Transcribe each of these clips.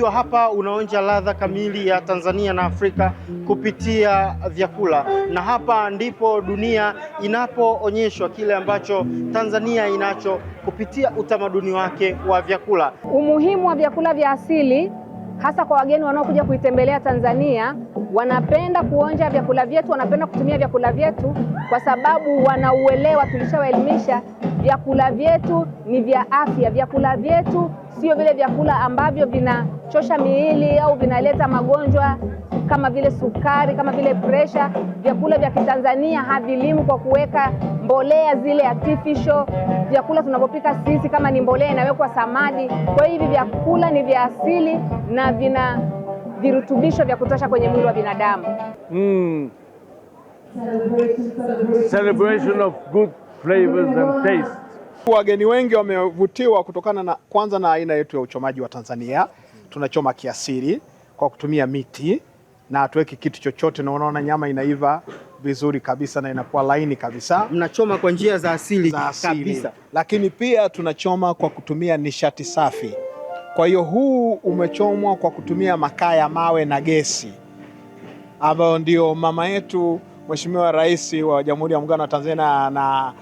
Ukiwa hapa unaonja ladha kamili ya Tanzania na Afrika kupitia vyakula, na hapa ndipo dunia inapoonyeshwa kile ambacho Tanzania inacho kupitia utamaduni wake wa vyakula. Umuhimu wa vyakula vya asili hasa kwa wageni wanaokuja kuitembelea Tanzania, wanapenda kuonja vyakula vyetu, wanapenda kutumia vyakula vyetu kwa sababu wanauelewa, tulishawaelimisha vyakula vyetu ni vya afya. Vyakula vyetu sio vile vyakula ambavyo vina vinachosha miili au vinaleta magonjwa kama vile sukari, kama vile presha. Vyakula vya Kitanzania havilimu kwa kuweka mbolea zile artificial. Vyakula tunavyopika sisi kama ni mbolea inawekwa samadi. Kwa hiyo hivi vyakula ni vya asili na vina virutubisho vya kutosha kwenye mwili wa binadamu. Mm. Celebration of good flavors and taste. Wageni wengi wamevutiwa kutokana na kwanza na aina yetu ya uchomaji wa Tanzania tunachoma kiasiri kwa kutumia miti na hatuweki kitu chochote, na unaona nyama inaiva vizuri kabisa na inakuwa laini kabisa. Mnachoma kwa njia za asili, za asili kabisa, lakini pia tunachoma kwa kutumia nishati safi. Kwa hiyo huu umechomwa kwa kutumia makaa ya mawe na gesi, ambayo ndio mama yetu Mheshimiwa Rais wa Jamhuri ya Muungano wa Tanzania na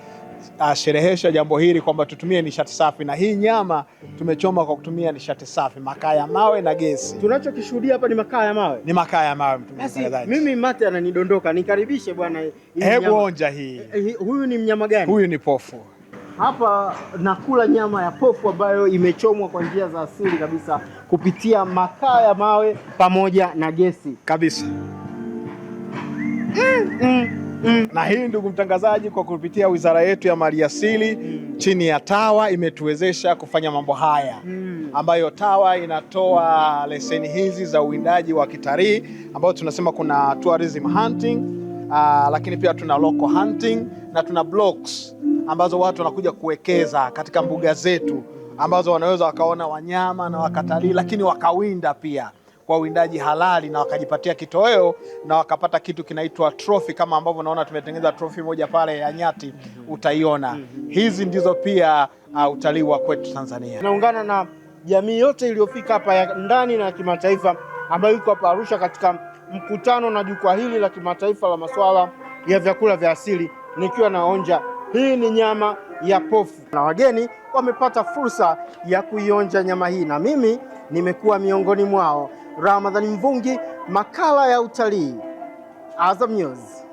asherehesha jambo hili kwamba tutumie nishati safi, na hii nyama tumechoma kwa kutumia nishati safi, makaa ya mawe na gesi. Tunachokishuhudia hapa ni makaa ya mawe, ni makaa ya mawe. Mimi mate ananidondoka. Nikaribishe bwana, hebu onja hii. Eh, eh, huyu ni mnyama gani? Huyu ni pofu. Hapa nakula nyama ya pofu ambayo imechomwa kwa njia za asili kabisa kupitia makaa ya mawe pamoja na gesi kabisa. Mm. mm mm. na hii ndugu mtangazaji, kwa kupitia wizara yetu ya maliasili mm. chini ya TAWA imetuwezesha kufanya mambo haya mm. ambayo TAWA inatoa leseni hizi za uwindaji wa kitalii ambayo tunasema kuna tourism hunting uh, lakini pia tuna local hunting na tuna blocks ambazo watu wanakuja kuwekeza katika mbuga zetu ambazo wanaweza wakaona wanyama na wakatalii, lakini wakawinda pia kwa uwindaji halali na wakajipatia kitoweo na wakapata kitu kinaitwa trophy, kama ambavyo unaona tumetengeneza trophy moja pale ya nyati, mhm. utaiona. Mhm. Hizi ndizo pia uh, utalii wa kwetu Tanzania. Naungana na jamii yote iliyofika hapa ya ndani na kimataifa ambayo iko hapa Arusha katika mkutano na jukwaa hili la kimataifa la masuala ya vyakula vya asili, nikiwa naonja hii ni nyama ya pofu na wageni wamepata fursa ya kuionja nyama hii, na mimi nimekuwa miongoni mwao. Ramadhani Mvungi, makala ya utalii, Azam News.